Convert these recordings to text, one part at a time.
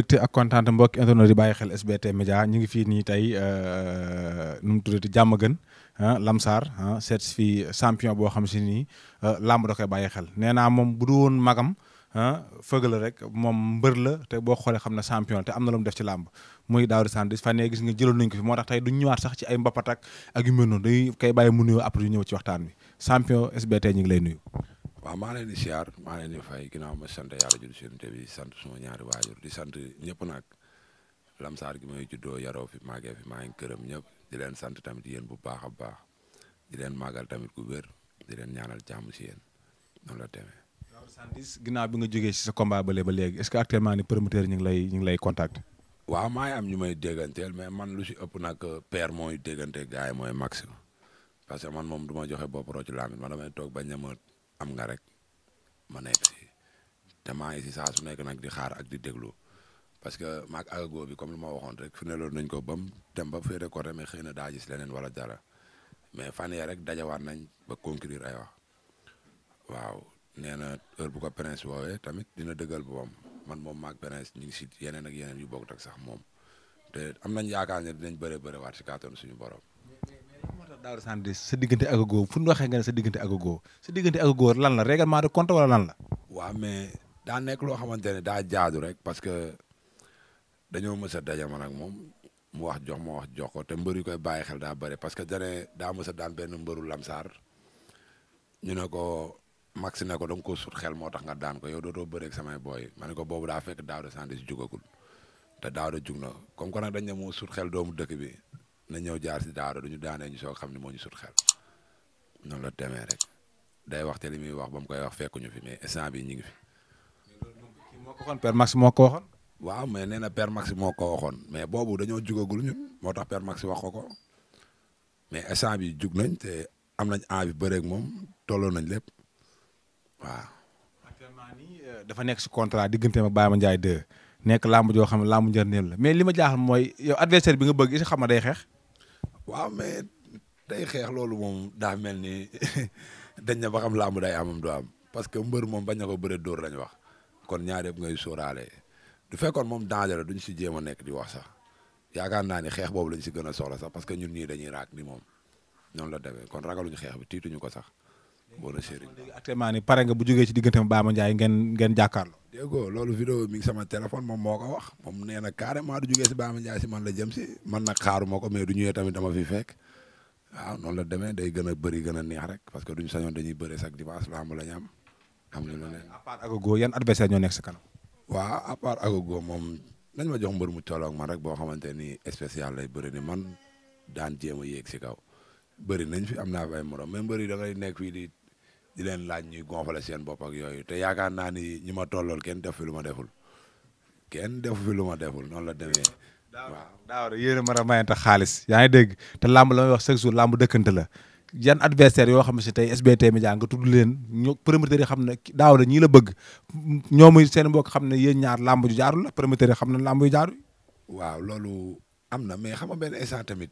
mbégte ak kontaan mbokk internet di bàyyi xel SBT Média ñu ngi fii nii tey euh, nu mu tuddati jàmm gën ah, Lamsaar ah, seet fii champion boo xam si nii euh, làmb da koy bàyyi xel nee naa moom bu du woon magam ah, fëgg la rek moom mbër la te boo xoolee xam ne champion te am na lu def ci làmb muy Daouda Sandwich fan gis nga jëloon nañ ko fi moo tax tey du ñëwaat sax ci ay mbapat a yu mel noonu dañuy mu nuyoo après yu ñëw ci waxtaan wi champion SBT ñu ngi lay nuyu. waaw maa leen di siyaar maa leen di fay ginnaaw ma sant yàlla jul sénte bi sant suma ñaari waajur di sant ñëpp nag lamsaar gi may juddoo yaroo fi màggee fi maa ngi këram ñëpp di leen sant tamit yéen bu baax a baax di leen màggal tamit ku wér di leen ñaanal jàmm si yéen noonu la demee. waaw Sandis bi nga jógee si sa combat ba léegi est-ce que actuellement ni promoteur ñu ngi lay ñu ngi lay contact. waaw maa ngi am ñu may dégganteel mais man lu si ëpp nag père mooy déggante gars yi mooy maximum parce que man moom du ma joxe bopp roo ci làmb man damay toog bañ a am nga rek ma nekk si te maa ngi si saa su nekk nag di xaar ak di déglu parce que maag agago bi comme li ma waxoon rek fi ne loolu nañ ko bam dem ba féete côté mais xëy na daa si leneen wala dara mais fan yii rek dajawaat nañ ba conclure ay wax waaw nee na heure bu ko prince woowee tamit dina dëggal boppam man moom maag prince ñu ngi si yeneen ak yeneen yu bokk ak sax moom te am nañ yaakaar ne dinañ bëre bëre waat si kàttanu suñu borom. Daouda Sandwich sa diggante ak góor fu ñu waxee nga sa diggante ak góor sa diggante ak góor lan la règlement de compte wala lan la. waa mais daa nekk loo xamante ne daa jaadu rek parce que dañoo mës daja ma man ak moom mu wax jox ma wax jox ko te mbër yu koy bàyyi xel daa bëri parce que dane daa mës a daan benn mbëru lamsaar ñu ne ko max ne ko da nga ko sut xel moo tax nga daan ko yow dootoo bëreeg samay booy ma ne ko boobu daa fekk Daouda Sandwich jugagul te jug na comme nag dañ moo sut xel doomu dëkk bi. na ñëw jaar si daaro duñu daanee ñu soog xam ne moo ñu sut xel noonu la demee rek day wax te li muy wax ba mu koy wax fekkuñu fi mais instant bi ñu ngi fi. moo ko waxoon moo ko waxoon. waaw mais nee na Père Max moo ko waxoon mais boobu dañoo jugagul ñun moo tax Père Max wax ko ko mais instant bi jug nañ te am nañ envie bëreeg moom tolloo nañ lépp waaw. actuellement nii euh, dafa nekk si contrat digganteem ak Baye Mandiaye 2 nekk làmb joo xam ne làmb njëriñam la mais li ma jaaxal mooy yow adversaire bi nga bëgg is xam na day xeex. waaw mais tey xeex loolu moom daa mel ni dañ na ba xam laamu day amam du am parce que mbër moom bañ na ko bëre dóor lañ wax kon ñaar yëpp ngay sóoraale du fekkoon moom danger la duñ si jéem a nekk di wax sax yaakaar naa ni xeex boobu lañ si gën a soxla sax parce que ñun ñii dañuy raak ni moom ñoom la demee kon ragaluñu xeex bi tiituñu ko sax. moo la chéri léegi actuellement ni pare nga bu jógee ci digganteem Bama Ndiaye ngeen ngeen jàkkaarloo déggoo loolu vidéo mi sama téléphone moom moo ko wax moom nee na carrément du jógee si Bama Ndiaye si man la jëm si man na xaaruma ko mais du ñëwee tamit dama fi fekk waaw noonu la demee day gën a bëri gën a neex rek parce que du duñ sañoon dañuy bëre chaque dimanche lamb la ñu am am na leneen à part Agogo yan adversaire ñoo nekk sa kanam waaw à part Agogo moom nañ ma jox mbër mu tolloog man rek boo xamante ni spécial lay bëri ni man daan jéem a yéeg si kaw bëri nañ fi am naa fay morom mais mbër yi da ngay nekk fii di leen laaj ñuy gonfale seen bopp ak yooyu te yaakaar naa ñi ma tollool kenn def fi lu ma deful kenn def fi lu ma deful noonu la demee. waaw daaw yéen a mën a xaalis yaa ngi dégg te làmb la may wax chaque jour làmb dëkkante la yan adversaire yoo xam ne si tey SBT Média nga tudd leen ñu promoteur yi xam ne daaw la ñii la bëgg ñoomu seen mbokk xam ne yéen ñaar làmb ju jaarul la promoteur yi xam na làmb yu jaarul. waaw loolu am na mais xam nga benn instant tamit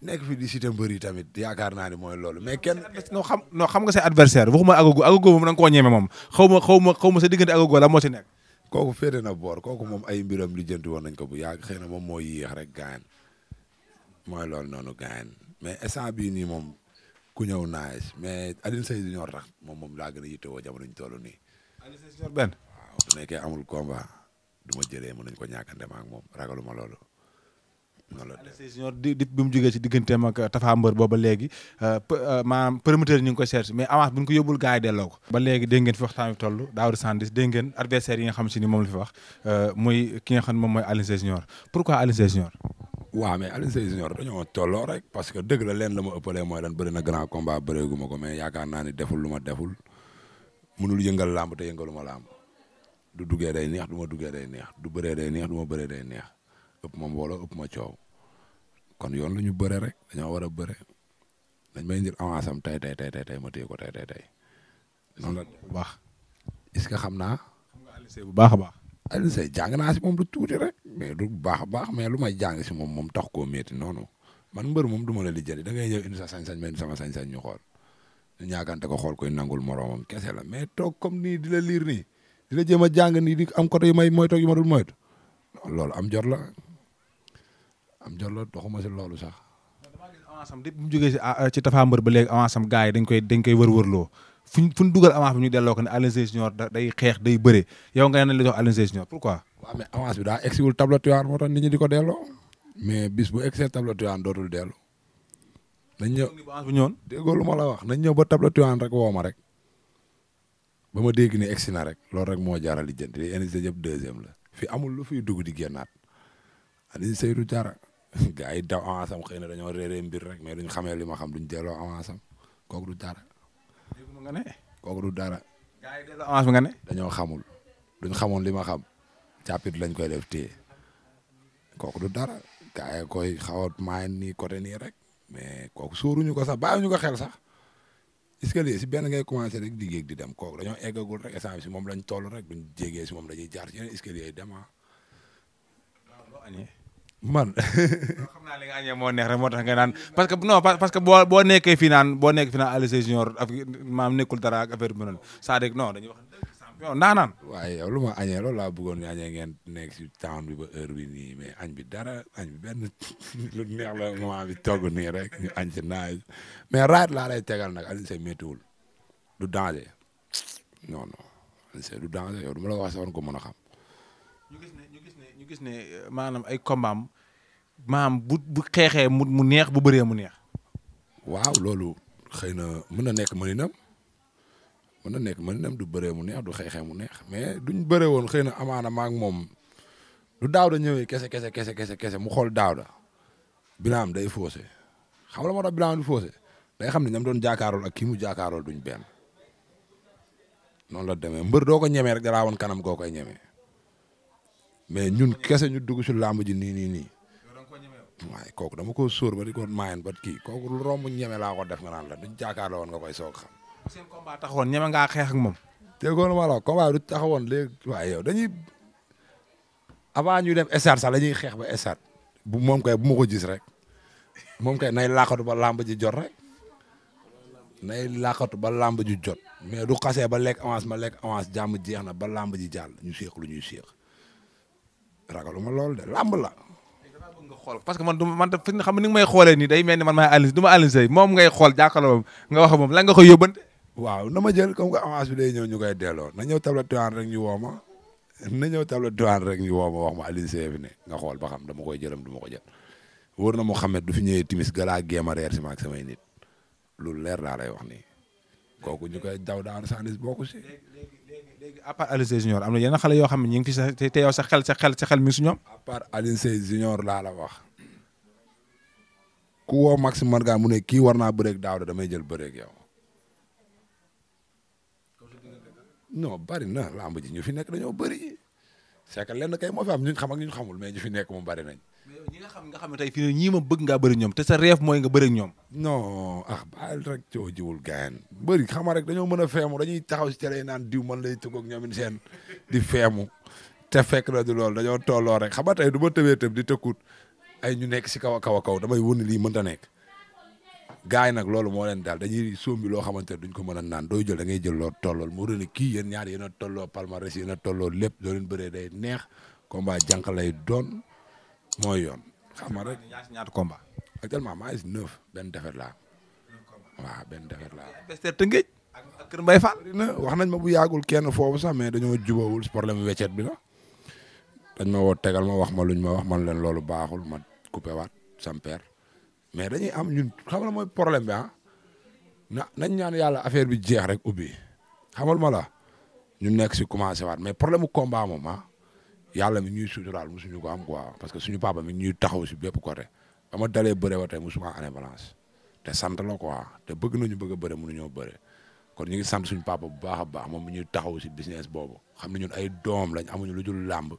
nekk fi di cité mbër tamit yaakaar naa ni mooy loolu mais kenn noo xam noo xam nga sa adversaire waxuma agogo agogo moom da nga koo ñeme moom xaw ma xaw ma xaw ma sa diggante agogo la moo ci nekk kooku féete na boor kooku moom ay mbiram li jënti woon nañ ko bu yàgg xëy na moom moo yéex rek gaañ mooy loolu noonu gaañ mais instant bii nii moom ku ñëw naaj mais Alioune Seye Junior tax moom moom laa gën a yittewoo jamono ñu toll ni Alioune Seye Junior benn waaw su nekkee amul combat du ma jëlee mën nañ ko ñàkkante ma ak moom ragaluma loolu noonu la senior di di bi mu jógee ci digganteem ak Tafa Mbër euh, euh, ñu ngi ko cherche mais avance bu ko yóbbul gars yi delloo ko ba léegi dégg ngeen fi waxtaan bi toll daawdi sandis dégg ngeen adversaire yi nga xam si ni moom la fi wax euh, muy ki dañoo tolloo rek parce que dëgg la leen la ma ëppalee mooy lan bëri na grand combat bëreeguma ko mais yaakaar naa ni deful lu ma deful mënul yëngal làmb te yëngaluma làmb du duggee day neex du ma duggee day neex du bëree day neex du ma bëree day neex ëpp ma mbooloo ëpp ma coow kon yoon lu ñu bëre rek dañoo war a bëre dañ may indil avance am tey tey tey tey ma téye ko tey tey noonu la bu baax est-ce que xam naa. xam nga Alioune bu baax a baax. Alioune Seye jàng naa si moom lu tuuti rek mais du baax a baax mais lu may jàng si moom moom tax koo métti noonu man mbër moom du ma la lijjali da ñëw indi sa sañ-sañ ma indi sama sañ-sañ ñu xool ñu ñaagante ko xool koy nangul moroomam kese la mais toog comme nii di la liir nii di la jéem a jàng nii di am côté yu may moytoog yu ma moytu loolu am jot la. am jollo doxuma si loolu sax. damaa gis avance am bu mu jógee ah, ah, ci Tapha Mbeur ba léegi avance am gars yi dañ koy dañ koy wër-wërloo fu ñu fu ñu dugal avance bi ñu delloo ko ne Alioune Sèye Junior day xeex day bëre yow nga ne la jox Alioune Sèye Junior pourquoi. waaw mais avance bi daa egsiwul tableau Tivaouane moo tax nit ñi di ko delloo mais bis bu egsee tableau Tivaouane dootul dellu. nañ ñëw avance bu ñëwoon déggoo lu ma la wax nañ ñëw ba tableau Tivaouane rek woo rek ba ma dégg ne egsi na rek loolu rek moo jaarale jënd li NSA yëpp deuxième la fi amul lu fiy dugg di génnaat Alioune Sèye du dara gars yi daw avance am xëy na dañoo réeree mbir rek mais duñ xamee li ma xam duñ delloo avance am kooku du dara. dégg nga ne. kooku du dara. gars yi delloo avance bi nga ne. dañoo xamul duñ xamoon li ma xam càppit lañ koy def téye kooku du dara gars yi koy xaw a maa nii côté nii rek mais kooku sóoruñu ko sax bàyyiwuñu ko xel sax. est si benn ngay commencé rek di yéeg di dem kooku dañoo eggagul rek instant si moom lañ toll rek duñ jégee si moom dañuy jaar ci yeneen escalier yi man. xam naa li nga añee moo neex rek moo tax nga naan parce que non parce que boo boo nekkee fii naan boo nekkee fii naan Alioune Sèye Junior ak maam nekkul dara ak affaire bi noonu cest à waaye yow lu loolu laa bëggoon ñu añee ngeen nekk si temps bi ba heure bi nii mais añ bi dara añ bi benn lu neex la moment bi togg nii rek ñu añ ci naaj mais raad laa lay tegal nag Alioune Sèye méttiwul du danger non non Alioune du danger yow du ma la wax sax war ko mën a xam. gis ne maanaam ay kombaam maam bu bu xeexee mu mu neex bu bëree mu neex. waaw loolu xëy na mën na nekk mëninam mën na nekk mëninam du bëree mu neex du xeexee mu neex mais duñ bëree woon xëy na amaana maak moom du daaw da ñëwee kese kese kese kese kese mu xool daaw da Birame day faussé xam la moo tax Birame du faussé day xam ne ñam doon jaakaarool ak kii mu jaakaarool duñ benn noonu la demee mbër doo ko ñemee rek dalaa woon kanam koo koy ñemee. mais ñun kese ñu dugg si làmb ji nii nii nii. waaye kooku dama ko sóor ba di ko maayen ba kii kooku lu romb ñeme laa ko def nga naan la duñ jàkkaarloo woon nga koy soog xam. seen taxawoon ñeme ngaa xeex ak moom. déggoo na ma la combat du taxawoon léegi waaye yow dañuy avant ñu dem estar sax la ñuy xeex ba estar bu moom bu ma ko gis rek moom kay nay laqatu ba làmb ji jot rek nay laqatu ba làmb ji jot mais du xasee ba lekk avance ma lekk avance jàmm jeex na ba làmb ji jàll ñu séex lu ñuy séex. ragaluma lool de làmb la. parce que man du man xam ne ni nga may xoolee nii day mel ni man maay Alioune du ma Alioune Seye moom ngay xool jàkkaarloo nga wax moom lan nga koy yóbbante. waaw na ma jël comme que avance bi day ñëw ñu koy delloo na ñëw table tuwaan rek ñu woo ma na ñëw table tuwaan rek ñu woo ma wax ma Alioune Seye fi ne nga xool ba xam dama koy jëlam du ma ko jël. wóor na Mouhamed du fi ñëwee timis galaa géem a reer si ma ak samay nit loolu leer laa lay wax nii kooku ñu koy daw daan boo bokku s léegi à part Alioune Sèye Junior am na yenn xale yoo xam ne ñu ngi fi sa te yow sa xel sa xel sa xel mi su ñoom. à part Alioune Sèye Junior laa la wax ku woo Maxime Marga mu ne kii war naa bëreeg daaw da damay jël bëreeg yow. non bari na ba ji ñu fi nekk dañoo bëri c'est que lenn kay moo am ñun xam ak ñun xamul mais ñu fi nekk moom bari nañ. ñi nga xam nga xam ne fii ñii ma bëgg nga bëri ñoom te sa reef mooy nga bëri ñoom. non ah baal rek coo jiwul gaayan bëri xama rek dañoo mën a feemu dañuy taxaw si télé naan diw man lay tëggoog ñoom seen di feemu te fekk na du loolu dañoo tolloo rek xam nga tey du ma tëbee tëb di tëkkut ay ñu nekk si kaw a kaw kaw damay wënni lii mënta nekk gars yi nag loolu moo leen daal dañuy sombi loo xamante ne duñ ko mën a naan dooy jël da ngay jël loo tollool moo doon kii yéen ñaar yéen a tolloo palmarès yéen a tolloo lépp doo leen bëree day neex combat jànq lay doon mooy yoon xam nga rek ñaata combat actuellement maa ngi si neuf benn defet laa waaw benn defet laa adversaire Tëngéej ak Kër Mbaye Fall wax nañ ma bu yàggul kenn foofu sax mais dañoo jubawul problème weccet bi la dañ ma woo tegal ma wax ma luñ ma wax man leen loolu baaxul ma coupé waat sampeer mais dañuy am ñun xam la mooy problème bi ah na nañ ñaan yàlla affaire bi jeex rek ubbi xamal ma la ñu nekk si commencé waat mais problème mu combat moom ah, yàlla mi ñuy suturaal mosuñu ko am quoi parce que suñu papa mi ñuy taxaw si bépp côté ba ma dalee bëre ba tey mosuma année balance te sant la quoi te bëgg nañu bëgg a bëre mënuñoo bëre kon ñu ngi sant suñu papa bu baax a baax moom ñu ñuy taxaw si business boobu xam ne ñun ay doom lañ amuñu lu dul làmb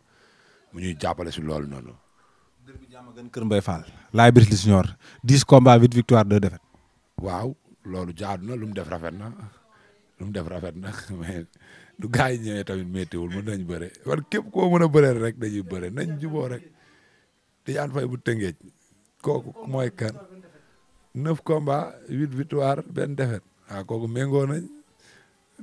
mu ñuy jàppale si loolu noonu. dër bi jàmm gën Kër Mbaye Fall. Laye Bruce Lee Junior 10 combats 8 victoire 2 défaites. waaw loolu jaadu na lu mu def rafet na lu mu def rafet na du gars yi ñëwee tamit méttiwul mën nañ bëre wala képp koo mën a bëree rek dañuy bëre nañ juboo rek di yaan fay bu tëngeej kooku mooy kan neuf combats huit victoire benn défaite waaw ko méngoo nañ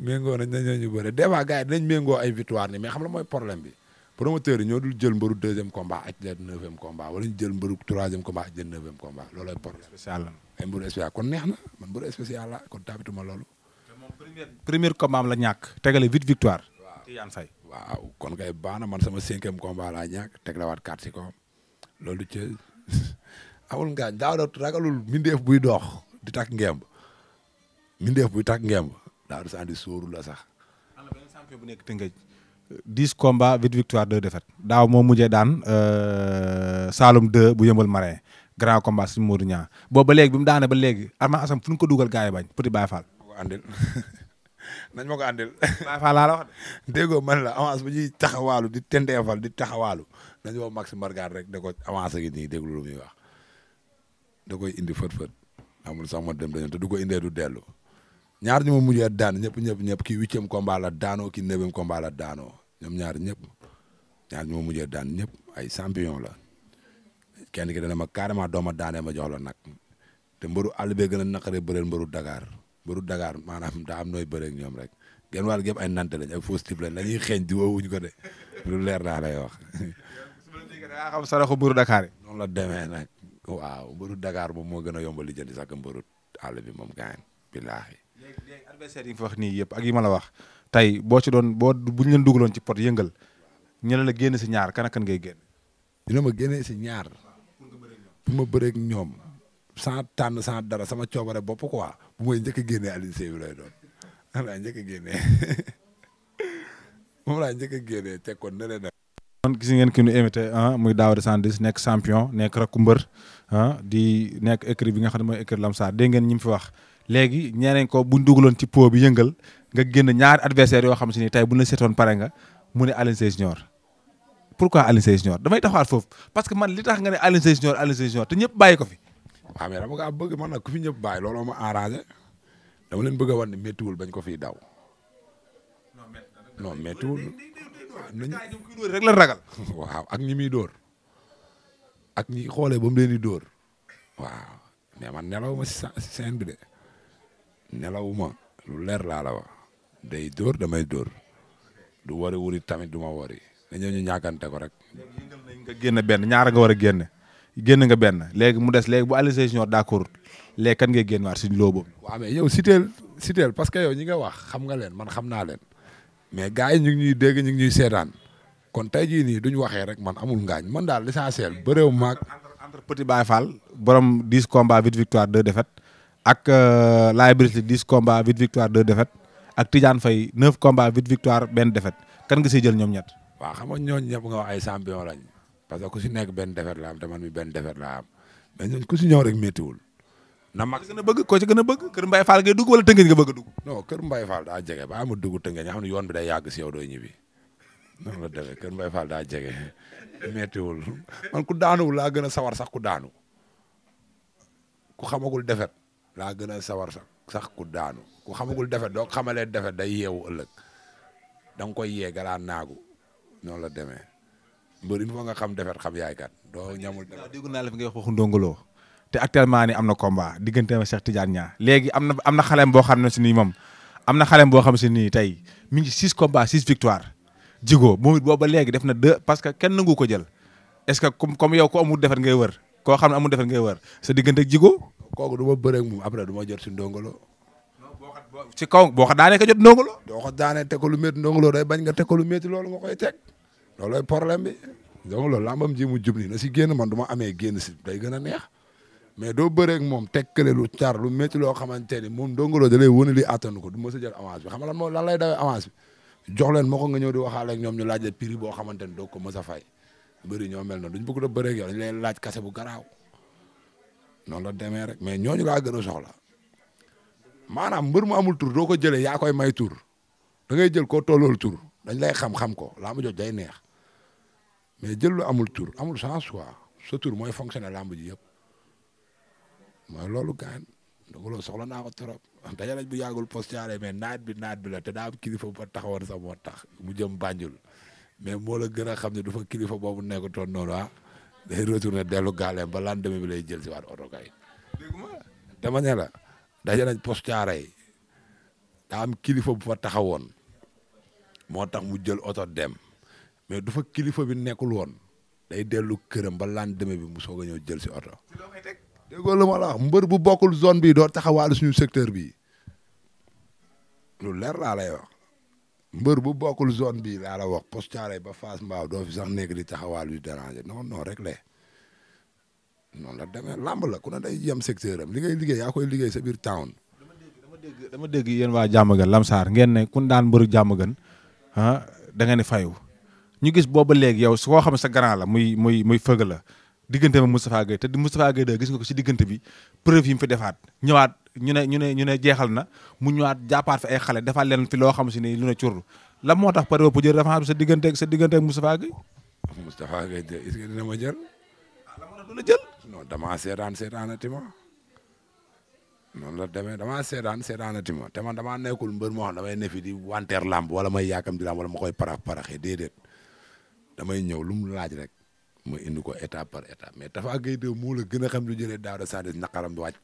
méngoo nañ na ñu bëre des fois gars yi dinañ méngoo ay victoire ni mais xam la mooy problème bi promoteur yi ñoo dul jël mbëru deuxième combat ak leen neuvième combat wala ñu jël mbëru troisième combat ak leen neuvième combat loolooy problème. spécial ay mbëru spécial kon neex na man mbëru spécial la kon tabituma loolu. première combat la ñàkk tegale huit victoire. waaw Tidiane waaw kon kay baax na man sama cinquième combat ñàkk teg la waat quatre si loolu ci amul ngaañ daaw da ragalul buy doox di takk ngemb mindeef buy takk ngemb daaw da sandi bu nekk Tëngéej dix combats huit victoire deux défaites daaw moo mujjee daan euh, Saloum 2 bu yëmbal marin grand combat si Modou Niang boobu ba bi mu daane ba léegi Arma Assam fu ko dugal gars yi bañ Petit Baye Fall. andil nañ ma ko andil. waaw fa laa la wax de. déggoo man la avance bu ñuy taxawaalu di tendeefal di taxawaalu nañu woo Maxime Bargane rek da ko avancé gi nii déglu lu muy wax da koy indi fët-fët amul sax ma dem dañu te du ko indee dellu ñaar ñu ma mujjee daan ñëpp ñëpp ñëpp kii huitième combat la daanoo kii neuvième combat la daanoo ñoom ñaar ñëpp ñaar ñu ma mujjee daan ñëpp ay champion la kenn ki dana ma carrément dooma daanee ma jox la nag te mbëru àll bee gën a naqaree bëreel mbëru mbëru Dakar maanaam daa am nooy bëreeg ñoom rek genn wàll gépp ay nante lañ ay fausse type la ñuy xeeñ di woowuñ ko de lu leer naa lay wax. yaa xam saraxu mbëru Dakar yi. noonu la demee nag waaw mbëru Dakar moom moo gën a yomb a lijjanti sax bi moom gaañ billaahi. léegi léegi adversaire yi nga fi wax yi ma la wax tey boo ci doon boo buñ leen dugaloon ci pot yëngal ñu ne la génn si ñaar kan ak kan ngay génn. dina ma si ñaar. pour ma bëreeg ñoom. sans tànn sans dara sama coobare bopp quoi. bu may njëkk a génnee Alioune Seye doon moom laa njëkk a laa njëkk a génnee teg ko ne leen kon gis ngeen ki nu invité ah, muy Daouda Sandwich nekk champion nekk rakku mbër ah, di nekk écrit bi nga xam ne mooy écrit Lamsaar dégg ngeen ñi mu fi wax léegi ñeneen ko buñ dugaloon ci po bi yëngal nga génn ñaari adversaire yoo xam si ni tey bu la seetoon pare nga mu ne Alioune Seye Junior pourquoi Alioune Seye Junior damay taxawaat foofu parce que man li tax nga ne Alioune Seye Junior Alioune te ñëpp bàyyi ko fi waaw mais dama kaa bëgg man nag ku fi ñëpp bàyyi looloo ma arrangé dama leen bëgg a wan ne méttiwul bañ ko fiy daw. non méttiwul. nañu ragal. waaw ak ñi muy dóor ak ñi xoolee ba mu leen di dóor waaw man nelaw ma si scène bi de ma lu leer laa la wax day dóor damay dóor du wari wuri tamit du ma wari dañoo ñu ñàkkante ko rek. nga génne benn ñaara nga war a génne. génne nga benn léegi mu des léegi bu Alioune Sèye Junior d'accord léegi kan ngay génn waat si loo boobu. waaw mais yow siteel siteel parce que yow ñi nga wax xam nga leen man xam na leen mais gars yi ñu ngi dégg ñu ngi ñuy seetaan kon tey jii nii duñ waxee rek man amul ngaañ man daal l'essentiel bëréew maag entre Petit Baye Fall borom 10 combats 8 victoire 2 défaites ak euh, Laye Bruce Lee 10 combats 8 victoire 2 défaites ak Tidiane Faye 9 combats 8 victoire benn défaite kan nga siy jël ñoom ñett. waaw xam nga ñooñu ñëpp nga wax ay champion lañ. parce que ku si nekk benn defet la am te man mi benn defet la am mais ku si ñëw rek méttiwul. na mag gën na bëgg koo ci gën a bëgg kër mbay Fall ngay dugg wala tëngeñ nga bëgg a dugg. non kër Mbaye Fall daa jege ba ama dugg tëngeñ nga xam ne yoon bi day yàgg si yow doo ñibbi la kër Mbaye Fall daa jege méttiwul man ku laa gën a sawar sax ku daanu ku xamagul defet laa gën a sawar sax sax ku daanu ku xamagul defet doo xamalee defet day yeewu ëllëg da nga yee galaan naagu noonu la demee. mbër il faut nga xam defet xam yaay kan doo ñamul defet dégg naa la te actuellement ni am na combat diggante ma Cheikh Tidiane Niang léegi am na am boo xam ne si nii moom am na xaleem boo xam si nii tey mi ngi six combats six victoire Djigo moom it booba def na deux parce que kenn nangu ko jël est-ce que comme comme ko amul defet ngay wër koo xam ne amul defet ngay wër sa diggante jigo Djigo kooku du ma bëre ak moom après du ma jot si ndongoloo ci kaw boo ko daanee ka jot ndongoloo boo ko daanee teg ko lu métti ndongoloo day loolooy problème bi donc loolu làmbam ji mu na si génn man du ma amee génn si day gën a neex mais doo bëreeg moom tekkale lu car lu métti loo xamante ni moom dongoloo da lay wane li attanu ko du ma sa jël avance xam nga lan moo lan lay dawee avance jox leen moo ko nga ñëw di waxaale ñoom ñu laaj la prix boo xamante ko mës a fay bëri ñoo mel noonu duñ bëgg da bëreeg yow leen laaj kase bu garaaw noonu la demee rek mais ñooñu laa gën a soxla maanaam mbër mu amul tur doo ko jëlee yaa koy may tur da ngay jël koo tollool tur dañ lay xam-xam ko laa ma jot day neex mais jël lu amul tur amul sens quoi sa tur mooy fonctionner làmb ji yëpp mooy loolu gaan Ndongo Lo soxla naa ko trop dajale bu yàggul poste yaare mais naat bi naat bi la te daa am kilifa bu fa taxawoon sax tax mu jëm Banjul mais moo gën a xam ne du fa kilifa boobu nekkutoon noonu ah day dellu gaaleem ba lendemain bi lay jël si waat oto kay dama ne la dajale poste yaare daa am kilifa bu fa taxawoon moo tax mu jël oto dem. mais du fa kilifa bi nekkul woon day dellu këram ba laan deme bi mu soog a ñëw jël si oto. déggoo la ma la mbër bu bokkul zone bi doo taxawaale suñu secteur bi lu leer laa lay mbër bu bokkul zone bi laa la wax postaare ba Fass Mbao doo fi sax nekk di taxawaal yu déranger non non rek le noonu la demee làmb la ku ne day yem secteur am li ngay liggéey yaa koy liggéey sa biir town. dama dégg dama dégg yéen waa Diamaguène Lamsar ngeen ne kun daan mbëru Diamaguène ah da nga ne ñu gis booba léegi yow su koo xam sa grand la muy muy muy fëgg la diggante ma Moustapha Gueye te Moustapha Gueye da gis nga ko si diggante bi preuve yi mu fi defaat ñëwaat ñu ne ñu ne ñu ne jeexal na mu ñëwaat jàppaat fi ay xale defaat leen fi loo xam si ni lu ne cur la moo tax pare exemple jël revanche sa diggante ak sa diggante ak Moustapha Gueye Moustapha Gueye est-ce que dina ma jël ah, la ma doon jël non damaa seetaan seetaanati ma noonu la demee damaa seetaan seetaanati ma te man damaa nekkul mbër moo xam damay nefi di wanteer làmb wala may yaakam di làmb wala ma koy parax paraxee damay ñëw lu mu laaj rek ma indi ko étape par étape mais Tafa Gueye 2 moo la gën a xam lu jëlee daaw de Sadio naqaram di wàcc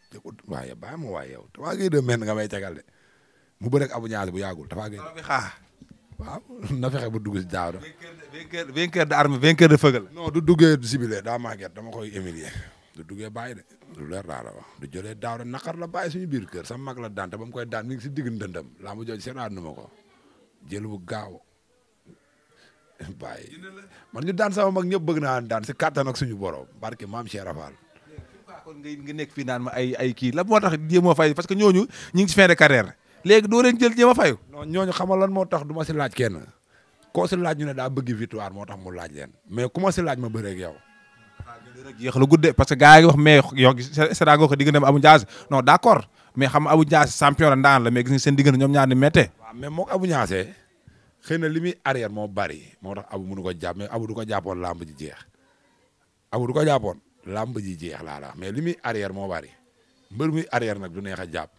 waaye bàyyi ma waaye yow Tafa Gueye 2 nga may cagal de mu rek Abu Niass bu yàggul Tafa Gueye. waaw na fexe bu dugg si daaw de. vainqueur vainqueur de arme vainqueur de fëgal. du duggee sibile daa màgget dama koy humilier du duggee bàyyi de. lu leer laa la wax du jëlee daaw de naqar la bàyyi suñu biir kër sa mag la daan te mu koy daan mi ngi si digg ndëndam laa ma jooju seetaat nu ma ko jël bu gaaw bàyyi man ñu daan sama mag ñëpp bëgg naa daan si kàttan ak suñu borom barke maam Cheikh Rafal. nga nekk fii naan ma ay kii la moo tax jéem a fay parce que ñooñu ñu ngi si fin de carrière léegi doo leen jël jéem a fayu. non ñooñu xamal lan moo tax duma si laaj kenn koo si laaj ñu ne daa bëgg victoire moo tax mu laaj leen mais ku si laaj ma bëreeg yow. rek yéex la guddee parce que gars yi wax mais yow Sénégal ko diggante am Abou Ndiass non d' accord xam Abou Ndiass champion ndaan la mais seen diggante ñoom ñaar ni méttee. waaw mais xëy na li muy arrière moo bari moo tax abu mënu ko jàpp mais ko jàppoon làmb ji jeex abu du ko jàppoon làmb ji jeex laa la mais li muy arrière moo bari mbër muy arrière nag du neex a jàpp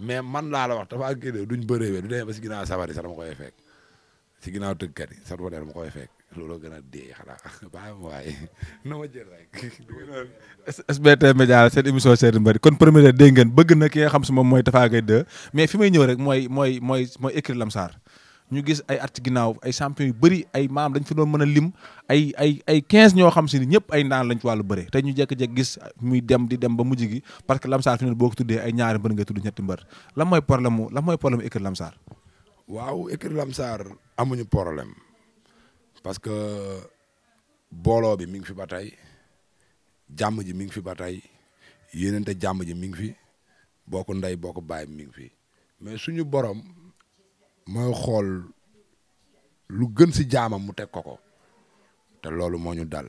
mais man laa la wax dafa ak gédé duñ bëreewee du demee ba si ginnaaw sabari sax dama koy fekk si ginnaaw tëggkat yi sax du ma dee dama koy fekk loolu gën a dee xanaa waaye na ma jël rek. SBT Média seen émission seeti mbëri kon première dégg ngeen bëgg na ki nga xam si moom mooy Tapha Gueye 2 mais fi may ñëw rek mooy mooy mooy mooy écrit Lamsar ñu gis ay at ci ginnaaw ay champion yu bëri ay maam dañ fi doon mën a lim ay ay ay quinze ñoo xam si ni ñëpp ay ndaan lañ ci wàllu bëre tey ñu jekk-jekk gis muy dem di dem ba mujj gi parce que lamsaar fi ne boo ko tuddee ay ñaari mbër nga tudd ñetti mbër la mooy problème mu lan mooy problème écurie lamsaar waaw écurie lamsaar amuñu problème parce que booloo bi mi ngi fi ba tey jàmm ji mi ngi fi ba tey jàmm ji mi ngi fi boo ko ndey boo ko bàyyi mi ngi fi mais suñu borom mooy xool lu gën si jaamam mu teg ko ko te loolu moo ñu dal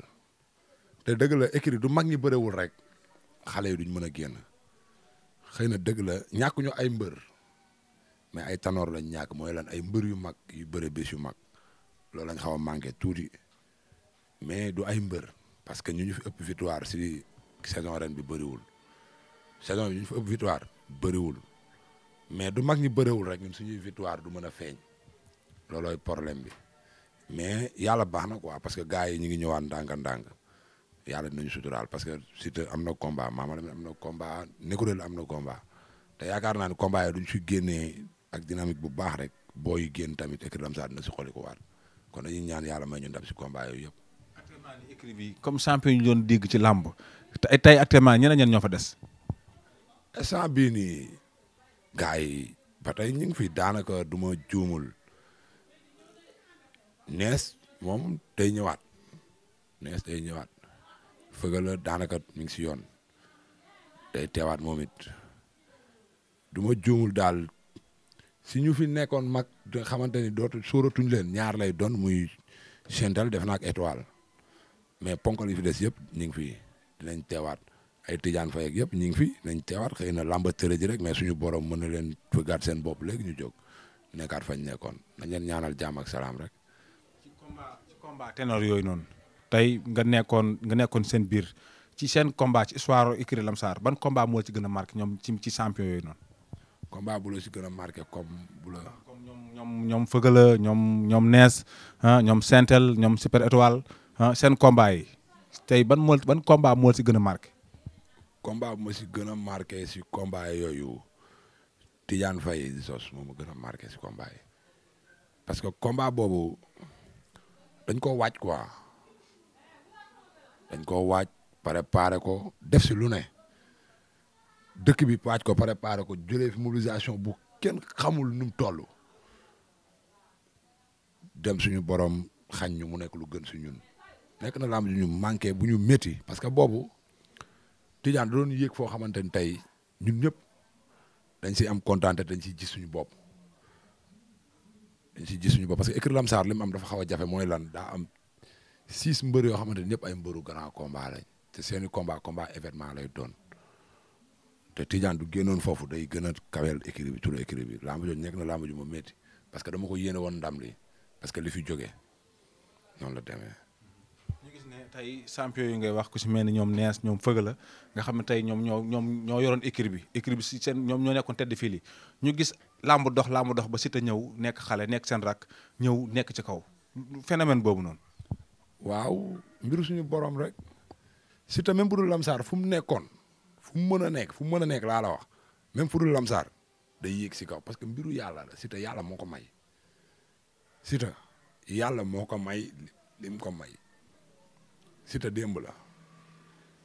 te dëgg la écrit du mag ñi bëriwul rek xale yi duñ mën a génn xëy na dëgg la ñàkkuñu ay mbër mais ay tanoor lañ ñàkk mooy lan ay mbër yu mag yu bëre bés yu mag loolu lañ xaw a manqué tuuti mais du ay mbër parce que ñu ñu fi ëpp victoire si saison ren bi bëriwul saison bi ñu fi ëpp victoire bëriwul mais du mag ñi bëriwul rek ñun suñuy victoire du mën a feeñ loolooy problème bi mais yàlla baax na quoi parce que gars yi ñu ngi ñëwaat ndànk ndànk yàlla dinañu suturaal parce que Siteu am na combat Mama Lamine am na combat Nécrolène am na combat te yaakaar naa ne combat yi duñ génnee ak dynamique bu baax rek booy génn tamit écrit lam saa dina si xoli ko waat kon ñu ñaan yàlla may ñu ndam si combat yooyu yëpp. actuellement ni écrit bi comme champion ñu doon dégg ci làmb tey actuellement ñeneen ñeneen ñoo fa des. gars yi ba tey ñu ngi fi daanaka du ma juumul nees moom day ñëwaat nees day ñëwaat fëgal daanaka mi ngi si yoon day teewaat moom it duma juumul daal si ñu fi nekkoon mag nga xamante ni dootu sóoratuñ leen ñaar lay doon muy Sentel def na ak étoile mais ponkal fi des yëpp ñu ngi fi dinañ teewaat. ay tijaan fay ak yëpp ñu ngi fi nañ teewaat xëy na lamba tëre ji rek mais suñu borom mën na leen fëggaat seen bopp léegi ñu jóg nekkaat fañ nekkoon nañ leen ñaanal jàmm ak salaam rek. ci combat ci yooyu noonu tey nga nekkoon nga nekkoon seen biir ci seen combat ci histoire écurie Lamsar ban combat moo ci gën a marqué ñoom ci ci champion yooyu noonu. combat bu la si gën a marqué comme bu ah, ñoom ñoom ñoom Fëgala ñoom ñoom Nees ah ñoom Sentel ñoom Super Étoile ah seen combat yi tey ban moo ban combat moo ci gën a marqué. combat bu ma si gën a marqué si combat yooyu Tidiane Faye Zos moom ma gën a marqué si combat yi parce que combat boobu dañ ko waaj quoi dañ ko waaj préparé ko def si lu ne dëkk bi waaj ko préparé ko jëlee fi mobilisation bu kenn xamul nu mu toll dem suñu borom xañ ñu mu nekk lu gën si ñun nekk na lamb ñu manqué bu ñu métti parce que boobu. Tidiane da doon yéeg foo xamante ni tey ñun ñëpp dañ siy am kontaan te dañ siy ji suñu bopp dañ siy gis suñu bopp parce que écurie Lamsaar li mu am dafa xaw a jafe mooy lan daa am six mbër yoo xamante ni ñëpp ay mbëru grand combat te seeni combat combat événement lay doon te Tidiane du génnoon foofu day gën a kaweel écurie turu écurie bi nekk na lamb ju ma parce que dama ko yéene woon ndam li parce que li fi jógee noonu la demee. tey champion yi ngay wax ku si mel ni ñoom nees ñoom fëga la nga xam ne tey ñoom ñoo ñoom ñoo yoroon écrit bi écrit bi si seen ñoom ñoo nekkoon tedd fii li ñu gis làmb dox làmb dox ba si te ñëw nekk xale nekk seen rak ñëw nekk ci kaw phénomène boobu noonu waaw mbiru suñu borom rek si te même bu dul lamsaar fu mu nekkoon fu mu mën a nekk fu mu mën a nekk laa la wax même fu dul lamsaar day yéeg si kaw parce que mbiru yàlla la si te yàlla moo ko may si te yàlla moo ko may lim ko may Siteu démb la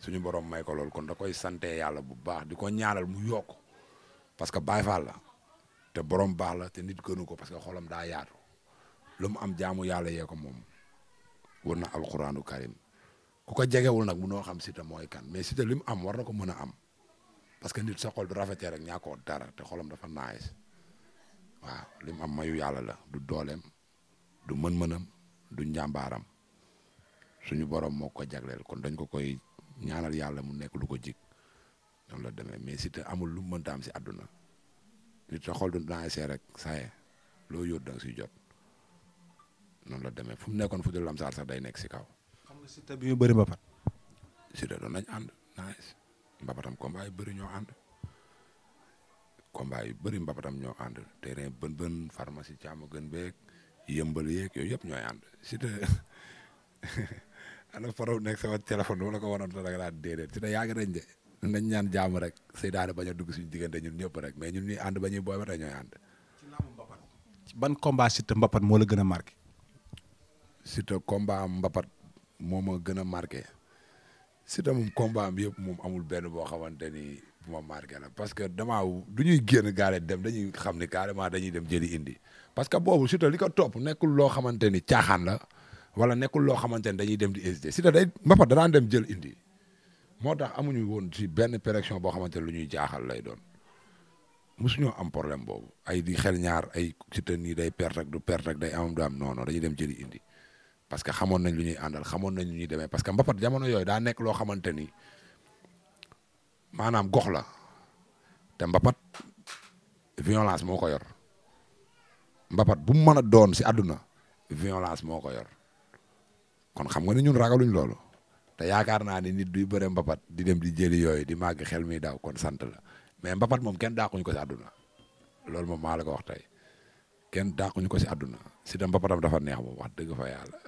suñu borom may ko lool kon da koy sante yàlla bu baax di ko ñaanal mu yokk parce que Baye Fall te borom baax la te nit gënu ko parce que xolam daa yaatu lu mu am jaamu yàlla yee ko moom war na alxuraanu karim ku ko jegewul nag munoo xam Siteu mooy kan mais Siteu li mu am war na ko mën a am parce que nit sa xol du rafetee rek ñàkkoo dara te xolam dafa naayis waaw li am mayu yàlla la du dooleem du mën-mënam du njàmbaaram suñu borom moo ko jagleel kon dañ ko koy ñaanal yàlla mu nekk lu ko jig noonu la demee mais si te amul lu mënta am si àdduna nit sa xol du naasee rek saye loo yóot da nga jot noonu la demee fu mu nekkoon fu dul lamsaar sax day nekk si kaw. xam nga si te bi ñu bëri mbapat. si te doon nañ ànd naas mbapatam combat yu bëri ñoo ànd combat yu bëri mbapatam ñoo ànd terrain bën bën pharmacie càmm gën beeg yëmbal yeeg yooyu yëpp ñooy ànd si ana faraw nekk sama téléphone bu la ko wanoon dara laa déedéet ci ne yàgg nañ de ñaan jàmm rek seydaane bañ a dugg suñu diggante ñun ñëpp rek mais ñun ñuy ànd ba ñuy booy ba tey ban combat mbapat moo la gën a marqué. Siteu combat mbapat moo ma gën a marqué Siteu moom combat am yëpp moom amul benn boo xamante ni bu ma marqué la parce que damaa du ñuy génn gaale dem dañuy xam ni carrément dañuy dem jëli indi parce que boobu Siteu li ko topp nekkul loo xamante ni caaxaan la. wala nekkul loo xamante ne dañuy dem di hésité si da day mbapat danaan dem jël indi moo tax amuñu woon si benn péréction boo xamante ne lu ñuy jaaxal lay doon mosuñoo am problème boobu ay di xel ñaar ay ci te nii day perte ak du perte ak day amam du am non dañuy dem jëli indi parce que xamoon nañ lu ñuy àndal xamoon nañ lu ñuy demee parce que mbapat jamono yooyu daa nekk loo xamante maanaam gox la te mbapat violence moo ko yor mbapat bu mu mën a doon si àdduna violence moo ko yor kon xam nga ne ñun ragaluñ loolu te yaakaar naa ne nit duy bëre mbapat di dem di jëli yooyu di màgg xel mi daaw kon sant la mais mbapat moom kenn daaquñu ko si àdduna loolu moom maa la ko wax tey kenn daaquñu ko si àdduna si da mbapatam dafa neex moom wax dëgg fa yàlla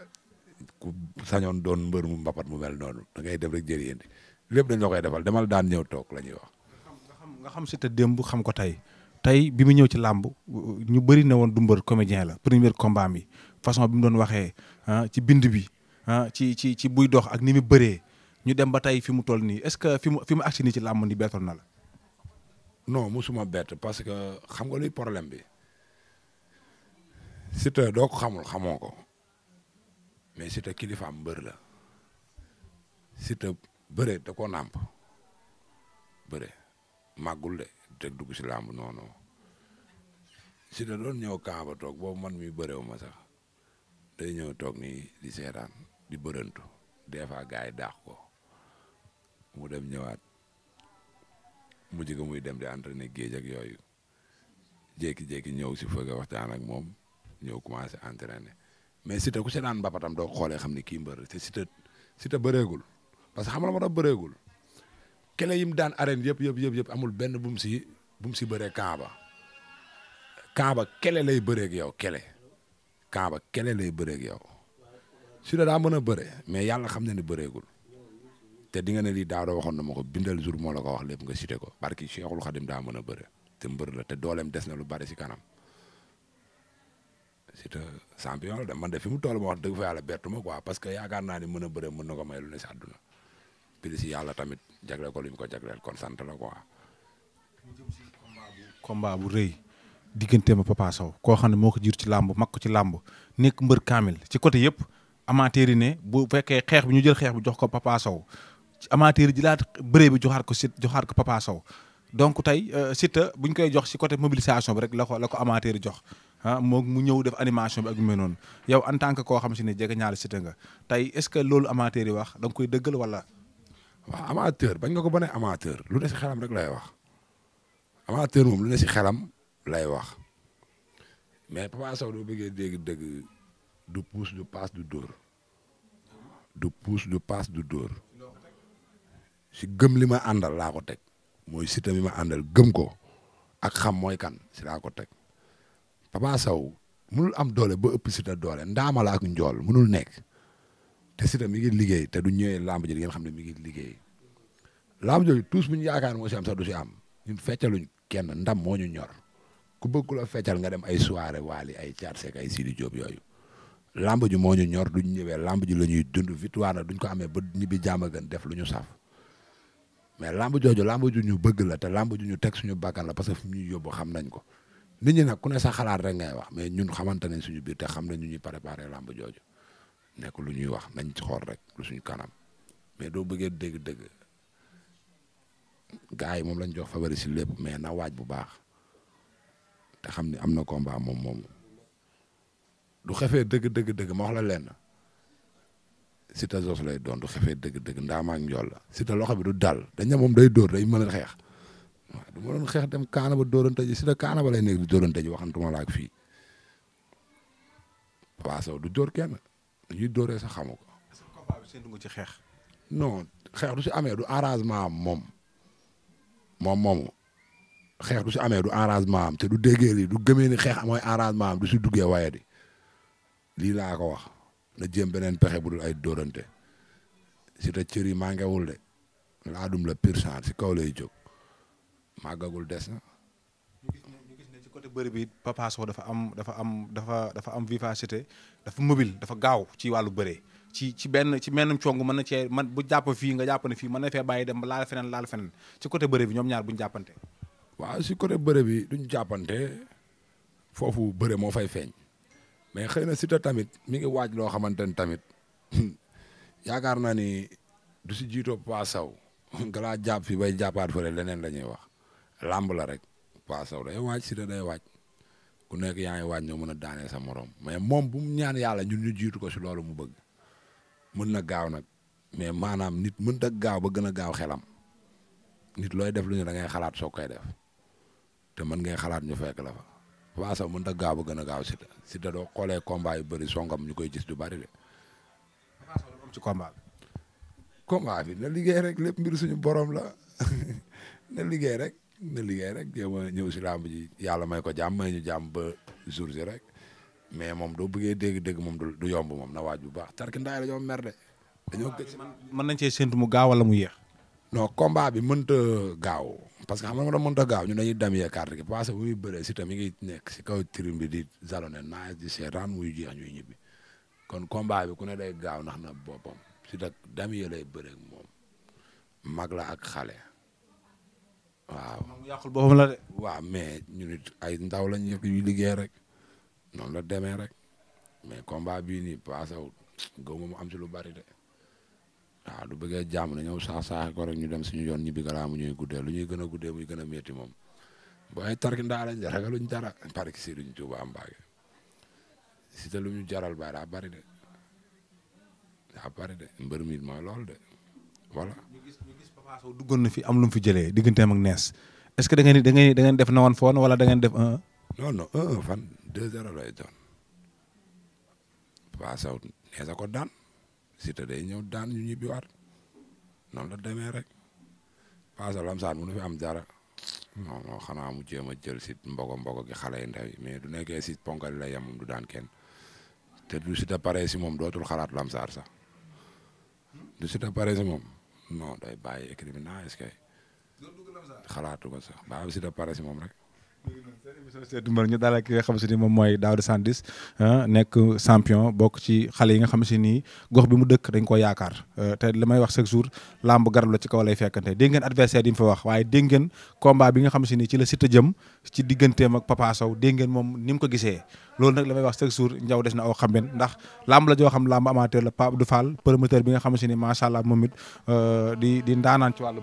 ku sañoon doon mbër mu mbapat mu mel noonu da ngay dem rek jëli yéen lépp dañ la koy defal demal daan ñëw toog la ñuy wax. nga xam nga xam si te démb xam ko tey tey bi mu ñëw ci làmb ñu bëri na woon du mbër comédien la premier combat mi façon bi mu doon waxee ah, ci bind bi. ci ci ci buy dox ak ni mu bëree ñu dem ba tey fi mu toll nii est-ce que fi mu fi mu agsi nii ci làmb ni bettoon na la. non musuma bett parce que xam nga luy problème bi Siteu doo ko xamul xamoo ko mais Siteu kilifaam mbër la Siteu bëre da koo nàmp bëre màggul de te dugg si làmb non non Siteu doon ñëw kaaba toog boobu man mi bëreewu sax day ñëw toog nii di seetaan di bërëntu des fois gars yi daax ko mu dem ñëwaat mu ga muy dem di entraîner géej ak yooyu jékki-jékki ñëw si fëgg waxtaan ak moom ñëw commencé entraîner mais si te ku seetaan mbapatam doo xoolee xam ni kii mbër te si te si te parce que xam la ma doon bëreegul kele yim daan arène yëpp yëpp yëpp yëpp amul benn bu si bu si bëree kaaba kaaba kele lay bëreeg yow kele kaaba kele lay bëreeg yow. Siteu daa mën a bëre mais yàlla xam na ne bëreegul te di nga ne lii daaw waxoon na ma ko bindal jour moo la ko wax lépp nga cité ko barki Cheikhul Khadim daa mën a bëre te mbër la te dooleem des na lu bari si kanam Siteu champion la man de fi mu toll ma wax dëgg fa yàlla bettu ma quoi parce que yaakaar naa mën a bëre mën na ko may lu ne si àdduna bi si yàlla tamit jagleel ko li mu ko jagleel kon sant la quoi. combat bu rëy digganteem Papa Sow koo xam ne moo ko jiir ci làmb mag ko ci làmb nekk mbër kaamil ci côté yëpp. amateur yi ne bu fekkee xeex bi ñu jël xeex bi jox ko Papa Sow amateur yi jëlaat bëree bi ko sit joxaat ko Papa Sow donc tey euh, sita bu ñu koy jox si côté mobilisation bi rek la ko la ko amateur yi jox ah moom mu ñëw def animation bi ak mel noonu yow en tant que koo xam si ne jege ñaari Siteu nga tey est-ce que loolu amateur yi wax danga koy dëggal wala. waaw amateur bañ nga ko ba ne lu ne si xelam rek lay wax amateur moom lu ne si xelam lay wax mais Papa Sow doo bëggee dégg dëgg. du puus du paas du dóor du puus du paas du dóor si gëm li ma àndal laa ko teg mooy sita mi ma àndal gëm ko ak xam mooy kan si laa ko teg Papa Sow mënul am doole bu ëpp Siteu doole ndaama la ak njool mënul nekk te Siteu mi ngi liggéey te du ñëwee làmb ji ngeen xam ne mi ngi liggéey làmb jooju tuus bu ñu yaakaar moo si am sax du si am ñun feccaluñ kenn ndam moo ñu ñor ku bëgg ku la feccal nga dem ay soirée waali ay caat seek ay Sidi Diop yooyu lamb ju moo ñu ñor duñ ñëwee lamb ji la ñuy dund victoire na duñ ko amee ba ñibbi jàmm a gën def lu ñu saf mais lamb jooju lamb ju ñu bëgg la te lamb ju ñu teg suñu bakkan la parce que fi ñuy yóbbu xam nañ ko ni ñu nag ku ne sa xalaat rek ngay wax mais ñun xamante nañ suñu biir xam nañ ñu ñuy préparé lamb jooju nekk lu ñuy wax nañ ci xool rek suñu kanam mais doo bëggee dégg-dégg gars yi moom lañ jox favori si lépp mais na waaj bu baax te xam ni am na combat moom moom. du xefee dëgg dëgg dëgg ma wax la lenn Siteu Zoss lay doon du xefee dëgg dëgg ndaama ak njool la Siteu loxo bi du dal dañ ne moom day dóor day mën a xeex waaw du ma dem kaana ba dóorante ji Siteu kaana ba lay nekk di dóorante ji waxantuma la ak fii du dóor kenn ñuy dóoree sax xamu ko. combat bi ci xeex. non xeex du si amee du arrangement am moom moom moomu xeex du si amee du arrangement am te du déggee li du gëmee ni xeex mooy arrangement am du si duggee waaye di. lii laa ko wax na jéem beneen pexe bu dul ay dóorante si te cër yi màngewul de laadum la pire chance si kaw lay jóg màggagul des na. ñu gis ne ci côté bëri bi Papa Sow dafa am dafa am dafa dafa am vivacité dafa mobile dafa gaaw ci wàllu bëree ci ci benn ci mennum cong mën na cee man bu jàpp fii nga jàpp ne fii mën na fee bàyyi dem laal feneen laal feneen ci côté bëri bi ñoom ñaar bu ñu jàppante. waaw si côté bëre bi duñ jàppante foofu bëre moo fay feeñ. mais xëy na Siteu tamit mi ngi waaj loo xamante ni tamit yaakaar naa ni du si jiitoo Papa Sow nga laa jàpp fi bay jàppaat fële leneen la ñuy wax làmb la rek Papa Sow day waaj Siteu day waaj ku nekk yaa ngi waaj ñoo mën a daanee sa morom mais moom bu mu ñaan yàlla ñun ñu jiitu ko si loolu mu bëgg mën na gaaw nag mais maanaam nit mën gaaw ba gën a gaaw xelam nit looy def lu ñu da ngay xalaat soo koy def te mën ngay xalaat ñu fekk la fa Papa Sow mënut a gaaw ba gën a gaaw Siteu Siteu doo xoolee combat yu bëri songam ñu koy gis du bëri de. bi. na liggéey rek lépp mbir suñu borom la na liggéey rek na liggéey rek ñëw si làmb ji yàlla may ko jàmm may ñu jàmm ba jour si rek mais moom doo bëggee dégg-dégg moom du yomb moom na waaj bu baax tarki ndaay la ñoo mer de. dañoo mën nañ cee séntu mu gaaw wala mu yéex. noo combat bi mënut gaaw. parce que xam nga da mënut gaaw ñun dañuy damyee carte gi parce que bu muy bëree si tamit ngi nekk si kaw tribune bi di zalone naaj di seetaan muy jeex ñuy ñibbi kon combat bi ku ne da gaaw ndax na boppam si da damyee lay bëree ak moom mag la ak xale waaw. moom yàqul boppam la de. waaw mais ñun it ay ndaw lañ yëpp yu rek noonu la demee rek mais combat bii nii paasawut gaw ma mu am si lu bari de. waaw du bëggee jàmm na ñëw saax saaxe ko rek ñu dem suñu yoon ñibbi galaa mu ñuy guddee lu ñuy gën a guddee muy gën a métti moom boo ay tarki ndaa lañ de ragaluñ dara parki si duñ tuuba am mbaage si te lu ñu jaral baay bari de daa bari mi mooy lool de voilà duggoon na fi am lu mu jëlee digganteem ak nees est que da ngeen da ngeen da def na woon foon wala da ngeen def un non fan deux zéro ko daan Siteu day ñëw daan ñu ñibbiwaat noonu la demee rek paasa lamsaan mënu fi am jara non non xanaa mu jéem a jël si mbogo mbogo gi xale yi mais du nekkee si ponkal lay yem moom du daan kenn te du Siteu pare si moom dootul xalaat lamsaar sax du Siteu pare si moom non day bàyyi écrire naa est-ce que xalaatu ko sax baax Siteu pare si moom rek. émission seetu mbër ñu dalal ki nga xam si ni moom mooy Daouda Sandwich ah, nekk champion bokk ci xale yi nga xam si ni gox bi mu dëkk dañ ko yaakaar euh, te la may wax chaque jour lamb garab la ci kaw lay fekkante dégg ngeen adversaire yi mu fa wax waaye dégg ngeen combat bi nga xam si ni ci la Siteu jëm ci digganteem ak Papa Sow ngeen moom ni mu ko gisee loolu nag la may wax chaque jour njaw des na aw xamben ndax làmb la joo xam làmb amateur la Pape Abdou Fall promoteur bi a xam si ni macha allah moom it euh, di di ndaanaan ci wàllu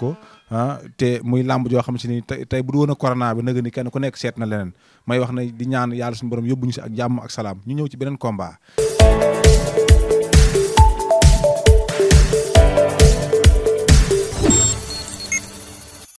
ko ah, te muy lamb joo xam si ni tey tey bu du woon corona bi nag ni kenn ku nekk seet na leneen may wax na di ñaan yàlla suñu borom yóbbu ñu si ak jàmm ak salaam ñu ñëw ci beneen combat